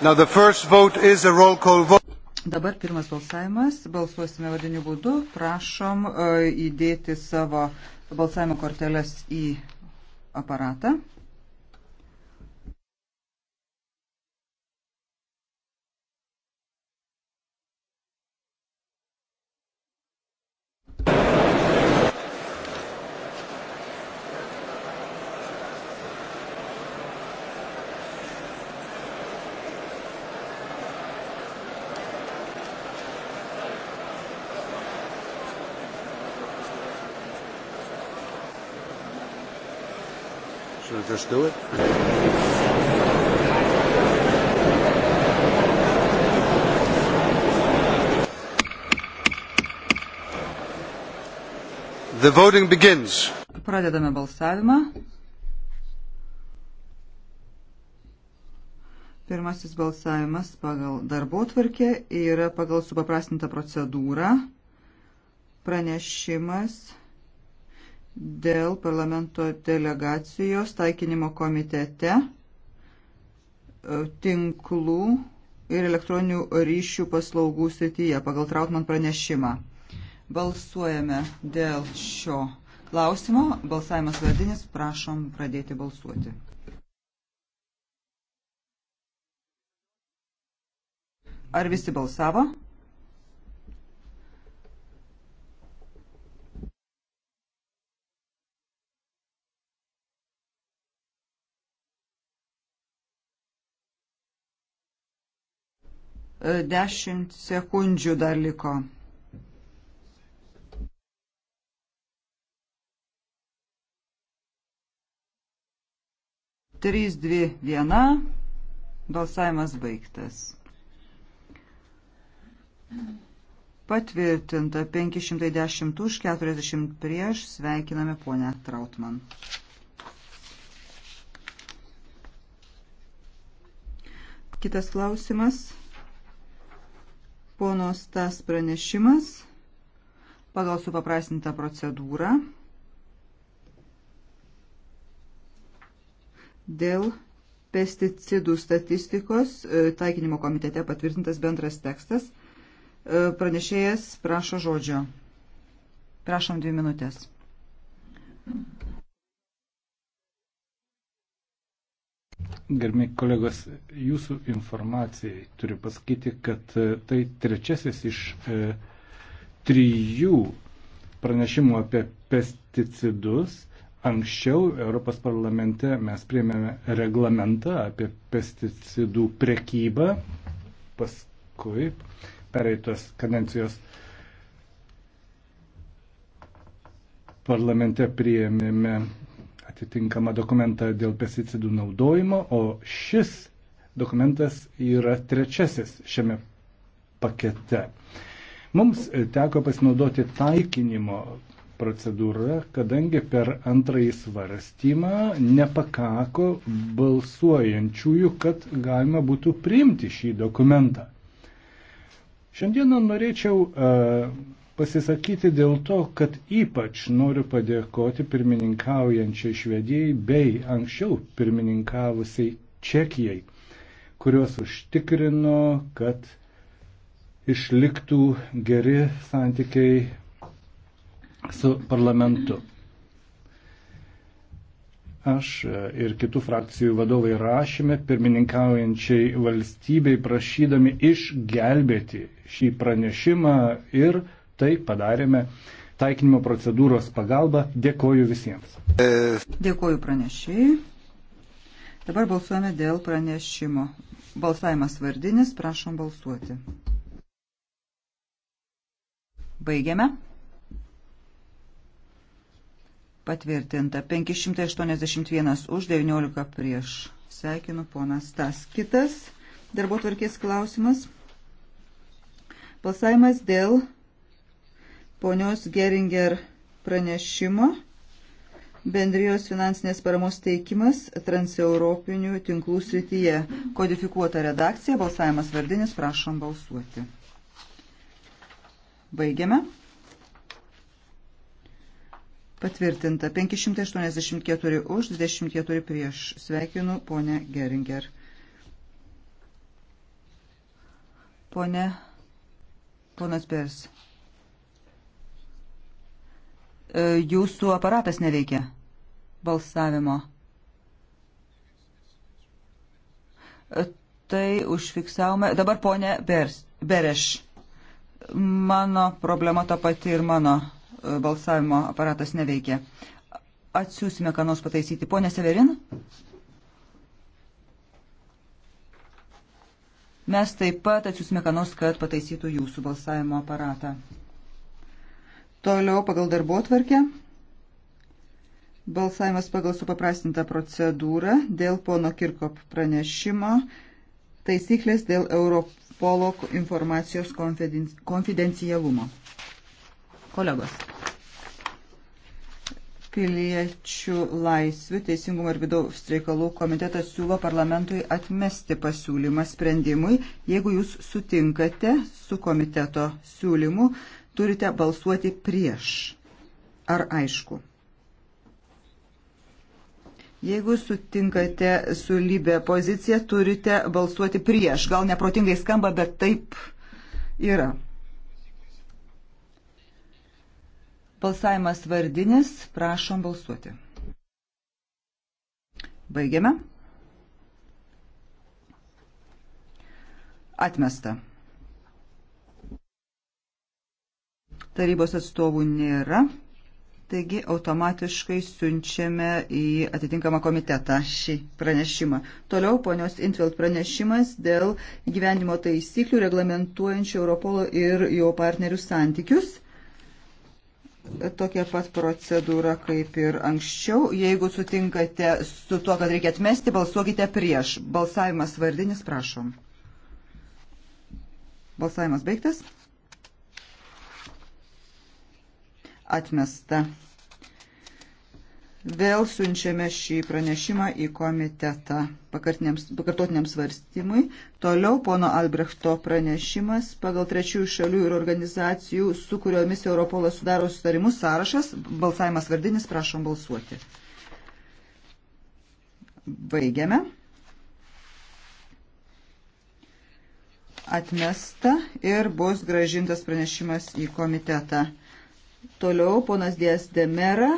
Dabar pirmas balsavimas. Balsuosime vadiniu būdu. Prašom uh, įdėti savo balsavimo korteles į aparatą. Should I just do it? The voting begins. Pradedame balsavimą. Pirmasis balsavimas pagal darbo tvarkę yra pagal supaprastintą procedūrą. Pranešimas dėl parlamento delegacijos taikinimo komitete e, tinklų ir elektroninių ryšių paslaugų srityje pagal Trautman pranešimą. Balsuojame dėl šio klausimo. Balsavimas vardinis, prašom pradėti balsuoti. Ar visi balsavo? Dešimt sekundžių dar liko. Trys, dvi, viena. Balsavimas baigtas. Patvirtinta 510 už 40 prieš. Sveikiname ponę Trautman. Kitas klausimas. Ponos tas pranešimas pagal supaprastintą procedūrą dėl pesticidų statistikos e, taikinimo komitete patvirtintas bendras tekstas. E, pranešėjas prašo žodžio. Prašom dvi minutės. Gerbimi kolegos, jūsų informacijai turiu pasakyti, kad e, tai trečiasis iš e, trijų pranešimų apie pesticidus. Anksčiau Europos parlamente mes priemėme reglamentą apie pesticidų prekybą. Paskui pereitos kadencijos parlamente priėmėme atitinkamą dokumentą dėl pesticidų naudojimo, o šis dokumentas yra trečiasis šiame pakete. Mums teko pasinaudoti taikinimo procedūra, kadangi per antrąjį svarstymą nepakako balsuojančiųjų, kad galima būtų priimti šį dokumentą. Šiandieną norėčiau uh, pasisakyti dėl to, kad ypač noriu padėkoti pirmininkaujančiai Švedijai bei anksčiau pirmininkavusiai Čekijai, kurios užtikrino, kad išliktų geri santykiai su parlamentu. Aš ir kitų frakcijų vadovai rašėme pirmininkaujančiai valstybei prašydami išgelbėti šį pranešimą ir uh, Tai padarėme taikinimo procedūros pagalba. Dėkoju visiems. Dėkoju pranešėjai. Dabar balsuojame dėl pranešimo. Balsavimas vardinis, prašom balsuoti. Baigiame. Patvirtinta 581 už 19 prieš. Sveikinu ponas Tas. Kitas darbo tvarkės klausimas. Balsavimas dėl ponios Geringer pranešimo bendrijos finansinės paramos teikimas transeuropinių tinklų srityje. Kodifikuota redakcija, balsavimas vardinis, prašom balsuoti. Baigiame. Patvirtinta 584 už, 24 prieš. Sveikinu ponę Geringer. Pone, ponas Pers. E, jūsų aparatas neveikia balsavimo. E, tai užfiksavome. Dabar ponė Bereš. Mano problema ta pati ir mano e, balsavimo aparatas neveikia. Atsiūsime, ką nors pataisyti. Pone Severin? Mes taip pat atsiūsime, ką nors, kad pataisytų jūsų balsavimo aparatą. Toliau pagal darbo tvarkę. Balsavimas pagal supaprastintą procedūrą dėl pono Kirkop pranešimo taisyklės dėl Europolo informacijos konfidencialumo. Kolegos. Piliečių laisvių teisingumo ir vidaus reikalų komitetas siūlo parlamentui atmesti pasiūlymą sprendimui, jeigu jūs sutinkate su komiteto siūlymu turite balsuoti prieš. Ar aišku? Jeigu sutinkate su lybė pozicija, turite balsuoti prieš. Gal neprotingai skamba, bet taip yra. Balsavimas vardinis, prašom balsuoti. Baigiame. Atmesta. Tarybos atstovų nėra. Taigi automatiškai siunčiame į atitinkamą komitetą šį pranešimą. Toliau ponios Intveld pranešimas dėl gyvenimo taisyklių reglamentuojančių Europolo ir jo partnerių santykius tokia pat procedūra kaip ir anksčiau. Jeigu sutinkate su tuo, kad reikia atmesti, balsuokite prieš. Balsavimas vardinis, prašom. Balsavimas baigtas. atmesta. Vėl siunčiame šį pranešimą į komitetą pakartotiniam svarstymui. Toliau pono Albrechto pranešimas pagal trečiųjų šalių ir organizacijų, su kuriomis Europolas sudaro sutarimus sąrašas. Balsavimas vardinis, prašom balsuoti. Baigiame. Atmesta ir bus gražintas pranešimas į komitetą. Toliau ponas Dės Demera,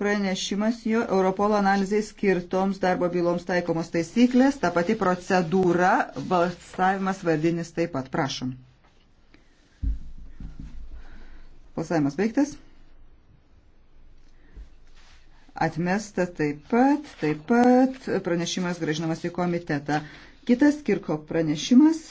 pranešimas jo Europolo analizai skirtoms darbo byloms taikomos taisyklės, ta pati procedūra, balsavimas vardinis taip pat. Prašom. Balsavimas baigtas. Atmesta taip pat, taip pat pranešimas gražinamas į komitetą. Kitas Kirko pranešimas.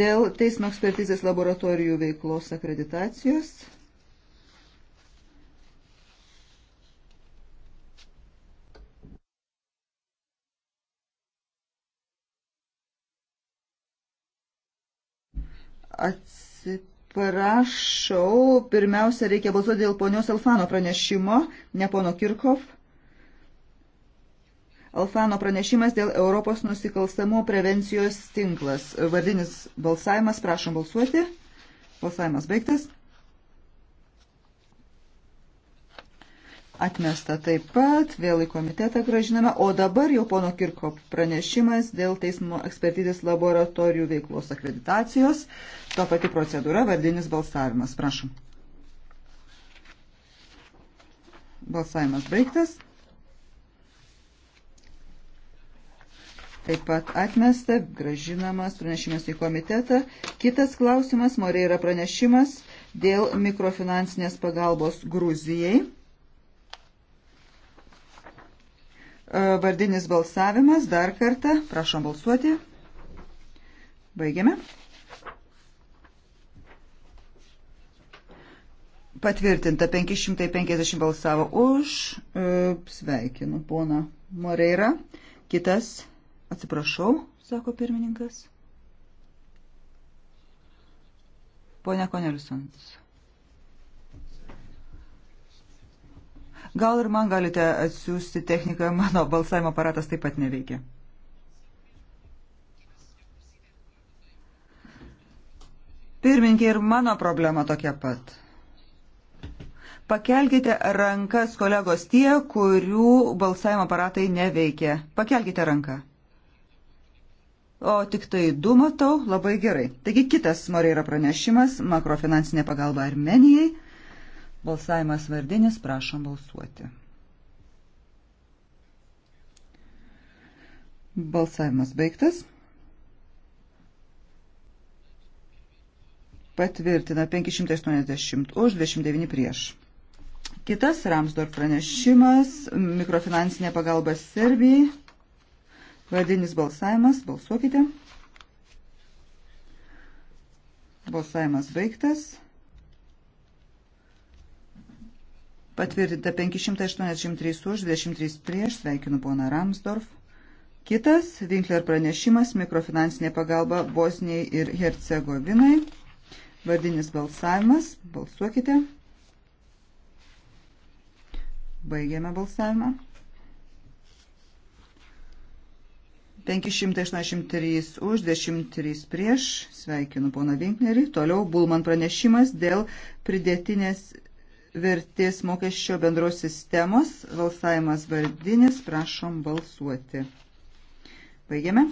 dėl teismo ekspertizės laboratorijų veiklos akreditacijos. Atsiprašau, pirmiausia, reikia balsuoti dėl ponios Alfano pranešimo, ne pono Kirchhoff. Alfano pranešimas dėl Europos nusikalstamų prevencijos tinklas. Vardinis balsavimas, prašom balsuoti. Balsavimas baigtas. Atmesta taip pat, vėl į komitetą gražinama, o dabar jau pono Kirko pranešimas dėl teismo ekspertizės laboratorijų veiklos akreditacijos. To pati procedūra, vardinis balsavimas. Prašom. Balsavimas baigtas. taip pat atmesta, gražinamas pranešimas į komitetą. Kitas klausimas, morė yra pranešimas dėl mikrofinansinės pagalbos Gruzijai. E, vardinis balsavimas, dar kartą, prašom balsuoti. Baigiame. Patvirtinta 550 balsavo už. E, sveikinu, pona Moreira. Kitas Atsiprašau, sako pirmininkas. Pone Konelsons. Gal ir man galite atsiųsti techniką, mano balsavimo aparatas taip pat neveikia. Pirminkė ir mano problema tokia pat. Pakelkite rankas kolegos tie, kurių balsavimo aparatai neveikia. Pakelkite ranką o tik tai du matau, labai gerai. Taigi kitas Moreira pranešimas - makrofinansinė pagalba Armenijai. Balsavimas vardinis, prašom balsuoti. Balsavimas baigtas. Patvirtina 580 už 29 prieš. Kitas Ramsdor pranešimas - mikrofinansinė pagalba Serbijai. Vardinis balsavimas. Balsuokite. Balsavimas baigtas. Patvirtinta 583 už, 23 prieš. Sveikinu poną Ramsdorf. Kitas Vinkler pranešimas mikrofinansinė pagalba Bosnijai ir Hercegovinai. Vardinis balsavimas. Balsuokite. Baigėme balsavimą. 583 už, 103 prieš. Sveikinu poną Vinknerį. Toliau Bulman pranešimas dėl pridėtinės vertės mokesčio bendros sistemos. Valsavimas vardinis. Prašom balsuoti. Baigiame.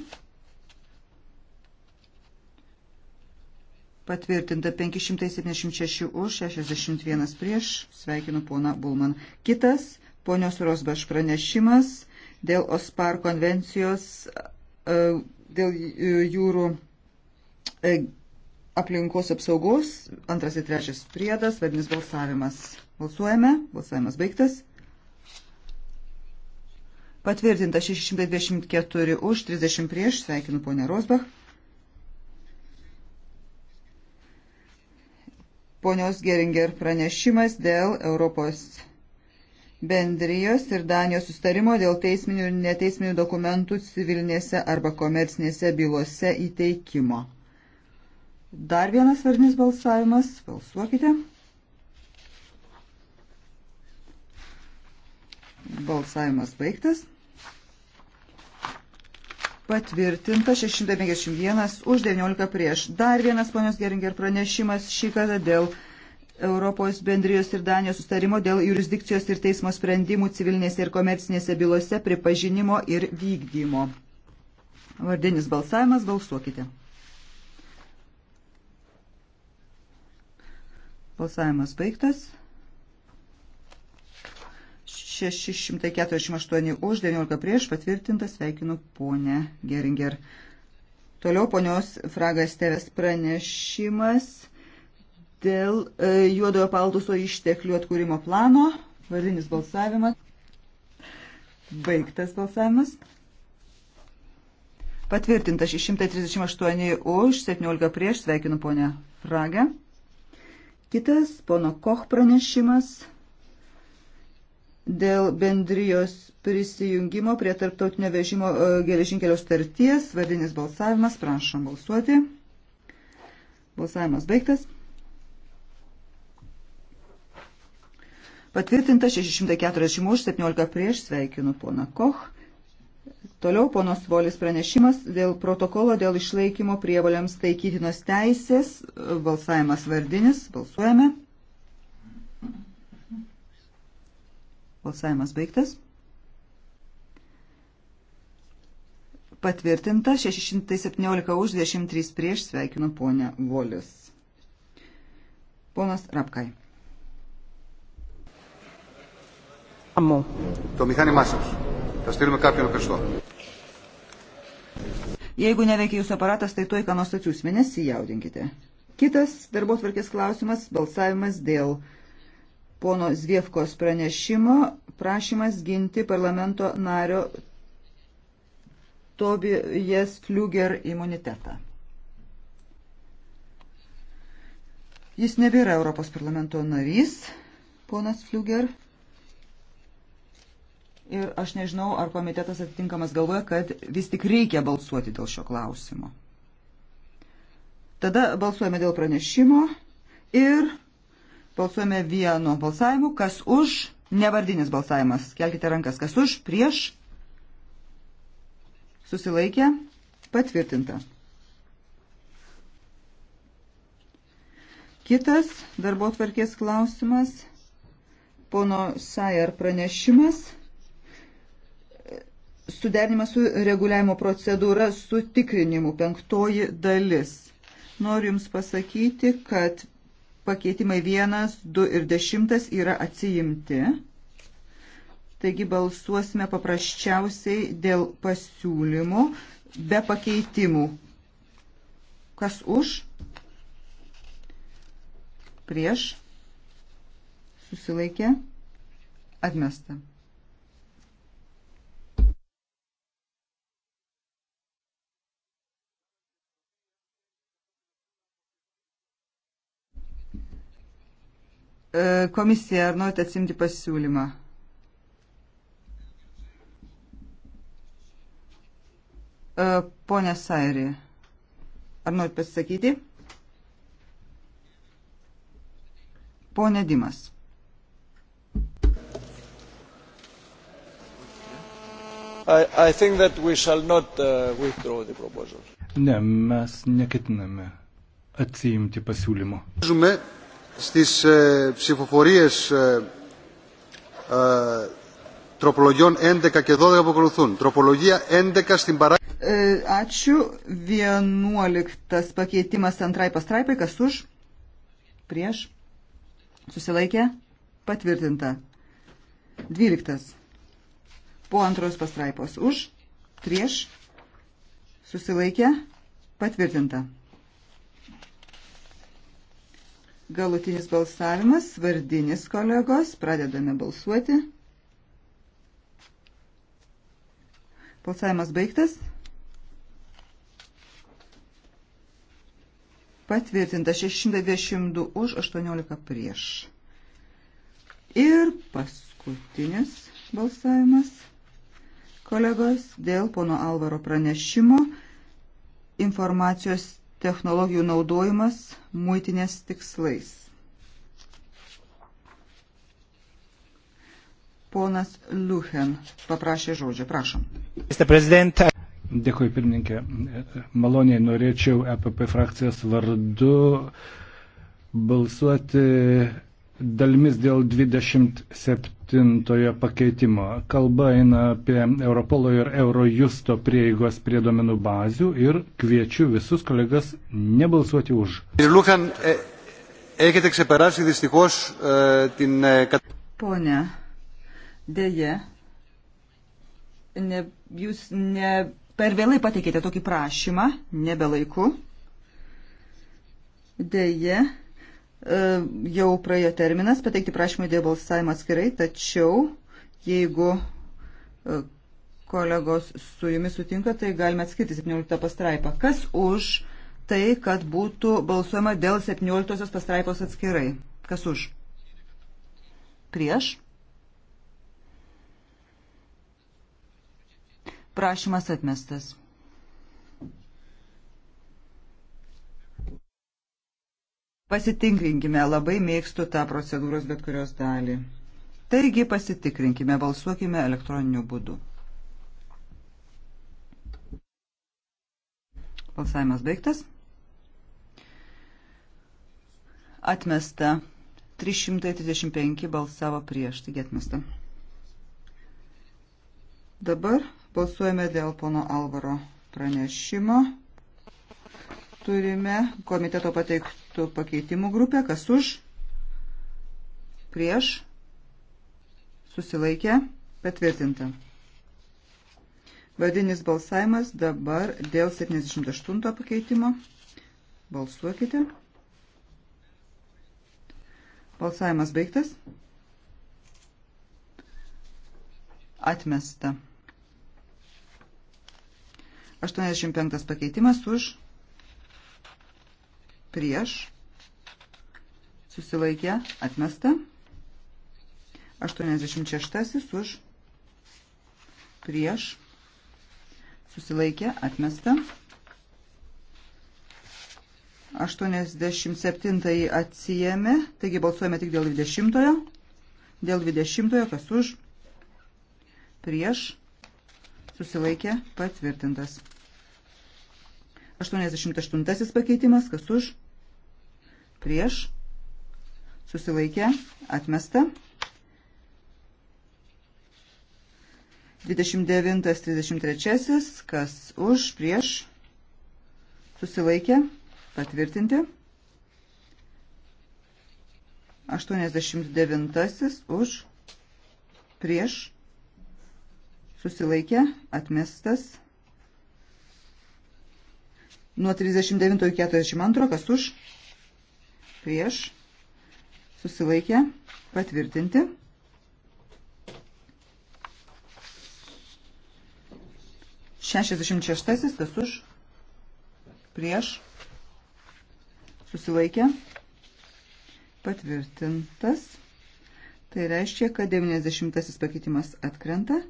Patvirtinta 576 už, 61 prieš. Sveikinu poną Bulman. Kitas ponios Rosbaš pranešimas dėl OSPAR konvencijos, e, dėl e, jūrų e, aplinkos apsaugos, antras ir trečias priedas, vadinis balsavimas. Balsuojame, balsavimas baigtas. Patvirtinta 624 už, 30 prieš, sveikinu ponę Rosbach. Ponios Geringer pranešimas dėl Europos bendrijos ir Danijos sustarimo dėl teisminių ir neteisminių dokumentų civilinėse arba komercinėse bylose įteikimo. Dar vienas svarbinis balsavimas. Balsuokite. Balsavimas baigtas. Patvirtinta 651 už 19 prieš. Dar vienas ponios Geringer pranešimas šį kartą dėl Europos bendrijos ir Danijos sustarimo dėl jurisdikcijos ir teismo sprendimų civilinėse ir komercinėse bylose pripažinimo ir vykdymo. Vardinis balsavimas, balsuokite. Balsavimas baigtas. 648 už, 19 prieš, patvirtintas, sveikinu ponę Geringer. Toliau ponios Fragas Teves pranešimas dėl e, juodojo paltuso išteklių atkūrimo plano. Vardinis balsavimas. Baigtas balsavimas. Patvirtinta 638 už, 17 prieš, sveikinu ponę Fragę. Kitas pono Koch pranešimas dėl bendrijos prisijungimo prie tarptautinio vežimo e, geležinkelio starties, vardinis balsavimas, prašom balsuoti. Balsavimas baigtas. Patvirtinta 640 už, 17 prieš, sveikinu pona Koch. Toliau ponos Volis pranešimas dėl protokolo dėl išlaikymo prievaliams taikytinos teisės, balsavimas vardinis, balsuojame. Balsavimas baigtas. Patvirtinta 617 už 23 prieš sveikinu ponę Volis. Ponas Rapkai. Μου. Το μηχάνημά σας. Θα στείλουμε κάποιον ευχαριστώ. Jeigu neveikia jūsų aparatas, tai tuoj ką nors atsiųsime, nesijaudinkite. Kitas darbo tvarkės klausimas - balsavimas dėl pono Zviefkos pranešimo prašymas ginti parlamento nario Tobijas Fliuger imunitetą. Jis nebėra Europos parlamento narys, ponas Fliuger. Ir aš nežinau, ar komitetas atitinkamas galvoja, kad vis tik reikia balsuoti dėl šio klausimo. Tada balsuojame dėl pranešimo ir balsuojame vienu balsavimu, kas už, nevardinis balsavimas. Kelkite rankas, kas už, prieš, susilaikė, patvirtinta. Kitas darbo tvarkės klausimas, pono Sajer pranešimas suderinimas su reguliavimo procedūra su tikrinimu penktoji dalis. Noriu Jums pasakyti, kad pakeitimai 1, 2 ir 10 yra atsijimti. Taigi balsuosime paprasčiausiai dėl pasiūlymų be pakeitimų. Kas už? Prieš? Susilaikė? Atmesta. E, komisija, ar norite atsimti pasiūlymą? E, Pone Sairi, ar norit pasisakyti? Pone Dimas. I, I think that we shall not uh, withdraw the proposal. Ne, mes neketiname atsiimti pasiūlymo. Žume, στις ε, ψηφοφορίες ε, ε, τροπολογιών 11 και 12 που ακολουθούν. Τροπολογία 11 στην παράγραφη. Ačiū. 11 pakeitimas antrai pastraipai. Kas už? Prieš. Susilaikė. Patvirtinta. 12. Po antros pastraipos. Už. Prieš. Susilaikė. Patvirtinta. Galutinis balsavimas, vardinis kolegos, pradedame balsuoti. Balsavimas baigtas. Patvirtinta 622 už 18 prieš. Ir paskutinis balsavimas, kolegos, dėl pono Alvaro pranešimo informacijos technologijų naudojimas muitinės tikslais. Ponas Liuchen paprašė žodžio. Prašom. Dėkui, pirmininkė. Maloniai norėčiau EPP frakcijos vardu balsuoti dalimis dėl 27 pakeitimo. Kalba eina apie Europolo ir Eurojusto prieigos prie domenų bazių ir kviečiu visus kolegas nebalsuoti už. Pone, dėje, ne, jūs ne per vėlai pateikėte tokį prašymą, nebelaiku. Dėje. E, jau praėjo terminas pateikti prašymą dėl balsavimo atskirai, tačiau jeigu e, kolegos su jumis sutinka, tai galime atskirti 17 pastraipą. Kas už tai, kad būtų balsuojama dėl 17 pastraipos atskirai? Kas už? Prieš? Prašymas atmestas. Pasitikrinkime, labai mėgstu tą procedūros bet kurios dalį. Taigi pasitikrinkime, balsuokime elektroniniu būdu. Balsavimas baigtas. Atmesta. 335 balsavo prieš, taigi atmesta. Dabar balsuojame dėl pono Alvaro pranešimo. Turime komiteto pateiktų su pakeitimu grupė, kas už, prieš, susilaikė, patvirtinta. Vardinis balsavimas dabar dėl 78 pakeitimo. Balsuokite. Balsavimas baigtas. Atmesta. 85 pakeitimas už prieš, susilaikė, atmesta. 86 už, prieš, susilaikė, atmesta. 87 atsijėmė, taigi balsuojame tik dėl 20. -ojo. Dėl 20, kas už, prieš, susilaikė, patvirtintas. 88 pakeitimas, kas už, prieš, susilaikė, atmesta. 29-33, kas už, prieš, susilaikė, patvirtinti. 89 už, prieš, susilaikė, atmestas. Nuo 39 iki 42, kas už, prieš, susilaikę, patvirtinti. Šešiasdešimt šeštasis, kas už, prieš, susilaikę, patvirtintas. Tai reiškia, kad 90 pakeitimas atkrenta.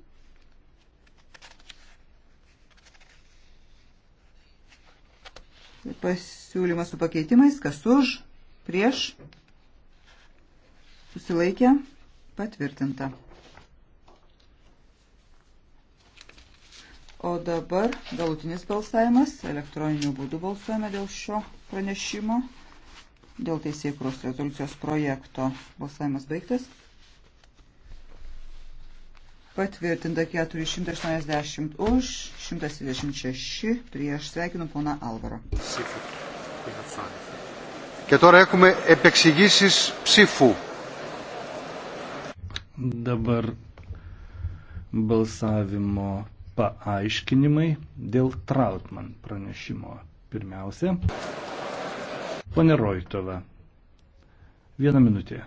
Pasiūlymas su pakeitimais, kas už, prieš, susilaikė, patvirtinta. O dabar galutinis balsavimas, elektroniniu būdu balsuojame dėl šio pranešimo, dėl teisėjų kros rezoliucijos projekto. Balsavimas baigtas. Patvirtinta 480 už, 126 prieš. Sveikinu poną Alvaro. Και τώρα έχουμε επεξηγήσεις ψήφου. Dabar balsavimo paaiškinimai dėl Trautman pranešimo. Pirmiausia, ponė Roitova. Vieną minutę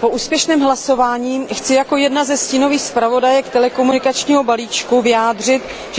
po úspěšném hlasování chci jako jedna ze stínových zpravodajek telekomunikačního balíčku vyjádřit že jsem hlasovala pro.